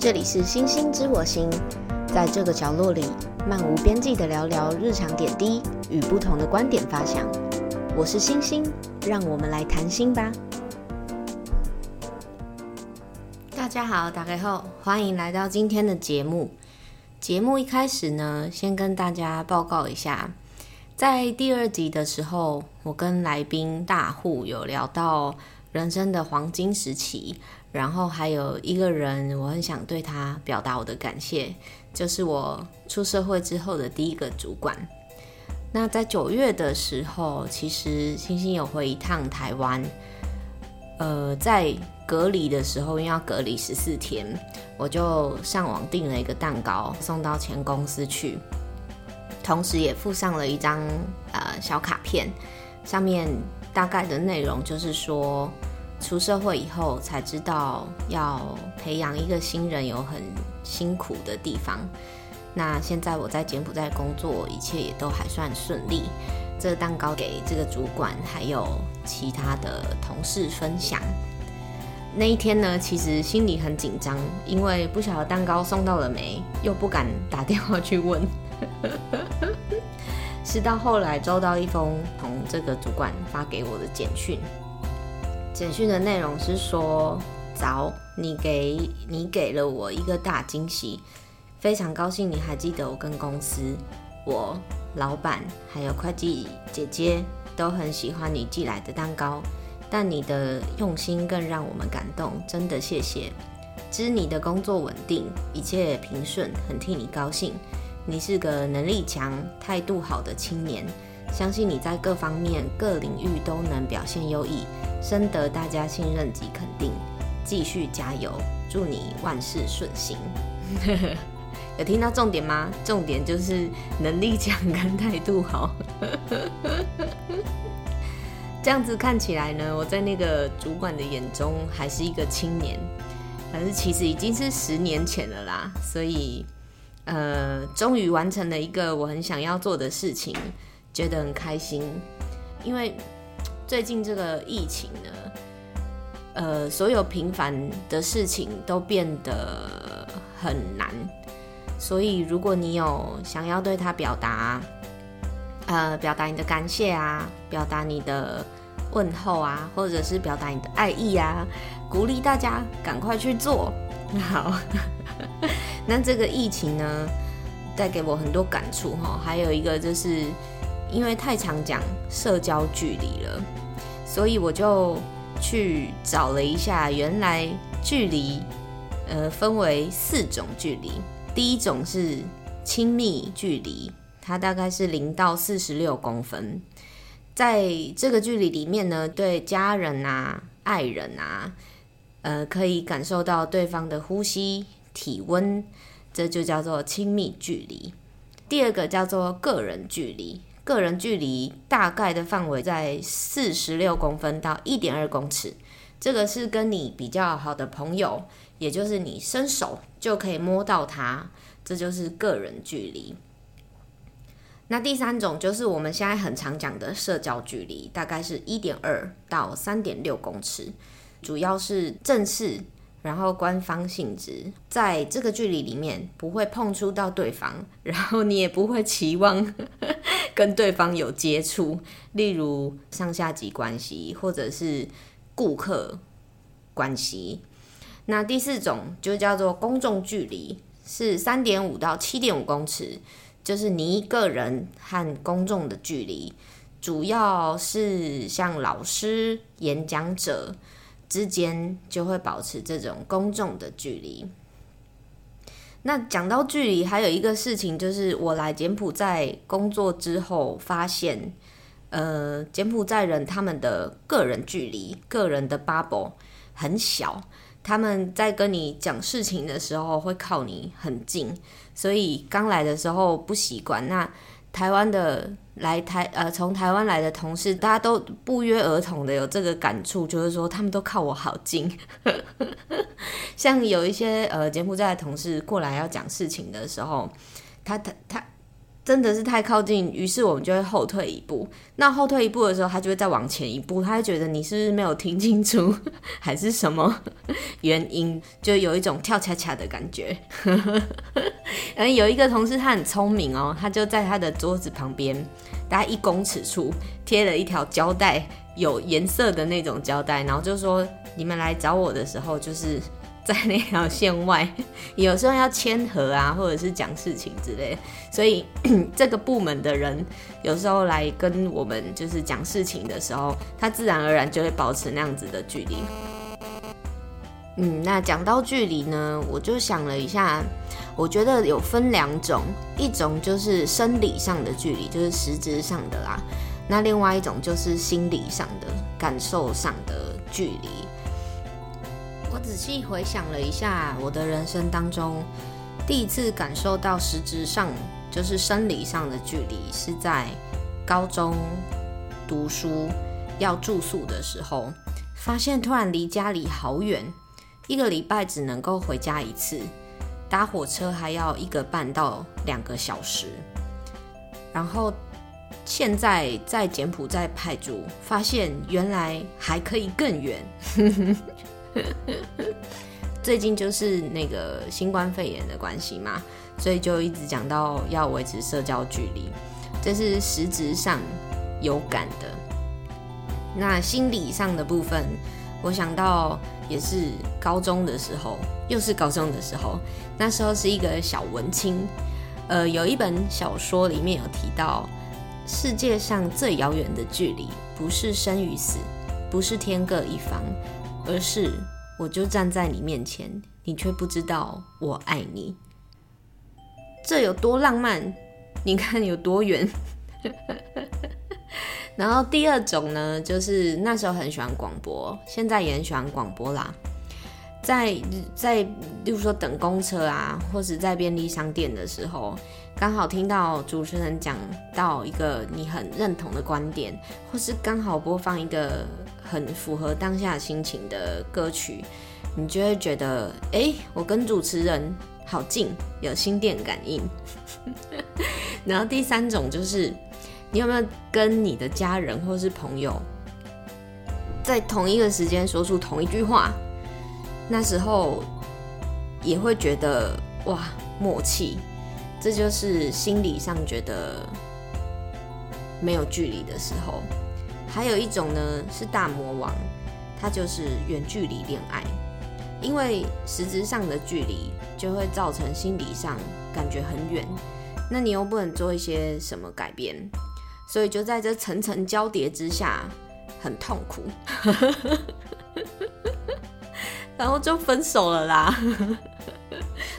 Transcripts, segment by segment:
這裡是星星知我心，在這個角落裡漫無邊際的聊聊日常點滴與不同的觀點發想。我是星星，讓我們來談心吧。大家好，大家好，歡迎來到今天的節目。節目一開始呢，先跟大家報告一下，在第二集的時候，我跟來賓大戶有聊到。人生的黃金時期，然後還有一個人，我很想對他表達我的感謝，就是我出社會之後的第一個主管。那在九月的時候，其實星星有回一趟台灣，呃，在隔離的時候，因為要隔離十四天，我就上網訂了一個蛋糕送到前公司去，同時也附上了一張，呃，小卡片，上面。大概的內容就是說，出社會以後才知道要培養一個新人有很辛苦的地方。那現在我在柬埔寨工作，一切也都還算順利。這個蛋糕給這個主管還有其他的同事分享。那一天呢，其實心裡很緊張，因為不曉得蛋糕送到了沒，又不敢打電話去問。 直到後來收到一封從這個主管發給我的簡訊，簡訊的內容是說：“早，你給你給了我一個大驚喜，非常高興你還記得我跟公司、我老板還有會計姐姐都很喜歡你寄來的蛋糕，但你的用心更讓我們感動，真的謝謝。知你的工作穩定，一切平順，很替你高興。”你是個能力強、態度好的青年，相信你在各方面、各領域都能表現優異，深得大家信任及肯定。繼續加油，祝你萬事順心。 有聽到重點嗎？重點就是能力強跟態度好。 這樣子看起來呢，我在那個主管的眼中還是一個青年，但是其實已經是十年前了啦，所以。呃，終於完成了一個我很想要做的事情，覺得很開心。因為最近這個疫情呢，呃，所有平凡的事情都變得很難。所以，如果你有想要對他表達，呃，表達你的感謝啊，表達你的問候啊，或者是表達你的愛意啊，鼓勵大家趕快去做。那好。那這個疫情呢，帶給我很多感觸哈、喔。還有一個就是，因為太常講社交距離了，所以我就去找了一下，原來距離，呃，分為四種距離。第一種是親密距離，它大概是零到四十六公分。在這個距離裡面呢，對家人啊、愛人啊，呃，可以感受到對方的呼吸、體溫，這就叫做親密距離。第二個叫做個人距離，個人距離大概的範圍在四十六公分到一點二公尺。這個是跟你比較好的朋友，也就是你伸手就可以摸到他，這就是個人距離。那第三種就是我們現在很常講的社交距離，大概是一點二到三點六公尺，主要是正式，然後，官方性質在這個距離裡面不會碰觸到對方，然後你也不會期望跟對方有接觸，例如上下級關係或者是顧客關係。那第四種就叫做公眾距離，是三點五到七點五公尺，就是你一個人和公眾的距離，主要是像老師、演講者。之間就會保持這種公眾的距離。那講到距離，還有一個事情就是，我來柬埔寨工作之後發現，呃，柬埔寨人他們的個人距離、個人的 bubble 很小，他們在跟你講事情的時候會靠你很近，所以剛來的時候不習慣。那台灣的來台，呃，從台灣來的同事，大家都不約而同的有這個感觸，就是說他們都靠我好近。 像有一些呃柬埔寨的同事過來要講事情的時候，他他他。他真的是太靠近，於是我們就會後退一步。那後退一步的時候，他就會再往前一步。他就覺得你是不是沒有聽清楚，還是什麼原因？就有一種跳恰恰的感覺。 有一個同事他很聰明哦，他就在他的桌子旁邊，大概一公尺處貼了一條膠帶，有顏色的那種膠帶，然後就說你們來找我的時候就是。在那條線外，有時候要謙和啊，或者是講事情之類，所以這個部門的人有時候來跟我們就是講事情的時候，他自然而然就會保持那樣子的距離。嗯，那講到距離呢，我就想了一下，我覺得有分兩種，一種就是生理上的距離，就是實質上的啦、啊；那另外一種就是心理上的、感受上的距離。我仔細回想了一下，我的人生當中第一次感受到實質上就是生理上的距離，是在高中讀書要住宿的時候，發現突然離家裡好遠，一個禮拜只能夠回家一次，搭火車還要一個半到兩個小時。然後現在在柬埔寨派駐，發現原來還可以更遠。 最近就是那個新冠肺炎的關係嘛，所以就一直講到要維持社交距離，這是實質上有感的。那心理上的部分，我想到也是高中的時候，又是高中的時候，那時候是一個小文青，呃，有一本小說裡面有提到，世界上最遙遠的距離不是生與死，不是天各一方。而是我就站在你面前，你卻不知道我愛你，這有多浪漫？你看有多遠？ 然後第二種呢，就是那時候很喜歡廣播，現在也很喜歡廣播啦。在在，例如說等公車啊，或是在便利商店的時候，剛好聽到主持人講到一個你很認同的觀點，或是剛好播放一個很符合當下心情的歌曲，你就會覺得，哎、欸，我跟主持人好近，有心電感應。 然後第三種就是，你有沒有跟你的家人或是朋友，在同一個時間說出同一句話？那時候也會覺得，哇，默契，這就是心理上覺得沒有距離的時候。還有一種呢是大魔王，他就是遠距離戀愛，因為實質上的距離就會造成心理上感覺很遠。那你又不能做一些什麼改變，所以就在這層層交疊之下，很痛苦。 然後就分手了啦，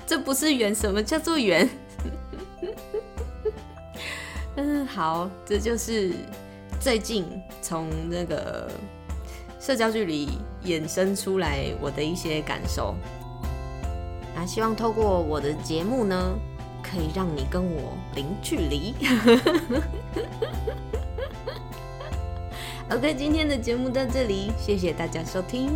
這不是緣，什麼叫做緣？嗯， 好，這就是最近從那個社交距離衍生出來我的一些感受。那、啊、希望透過我的節目呢，可以讓你跟我零距離。 OK，今天的節目就到這裡，謝謝大家收聽。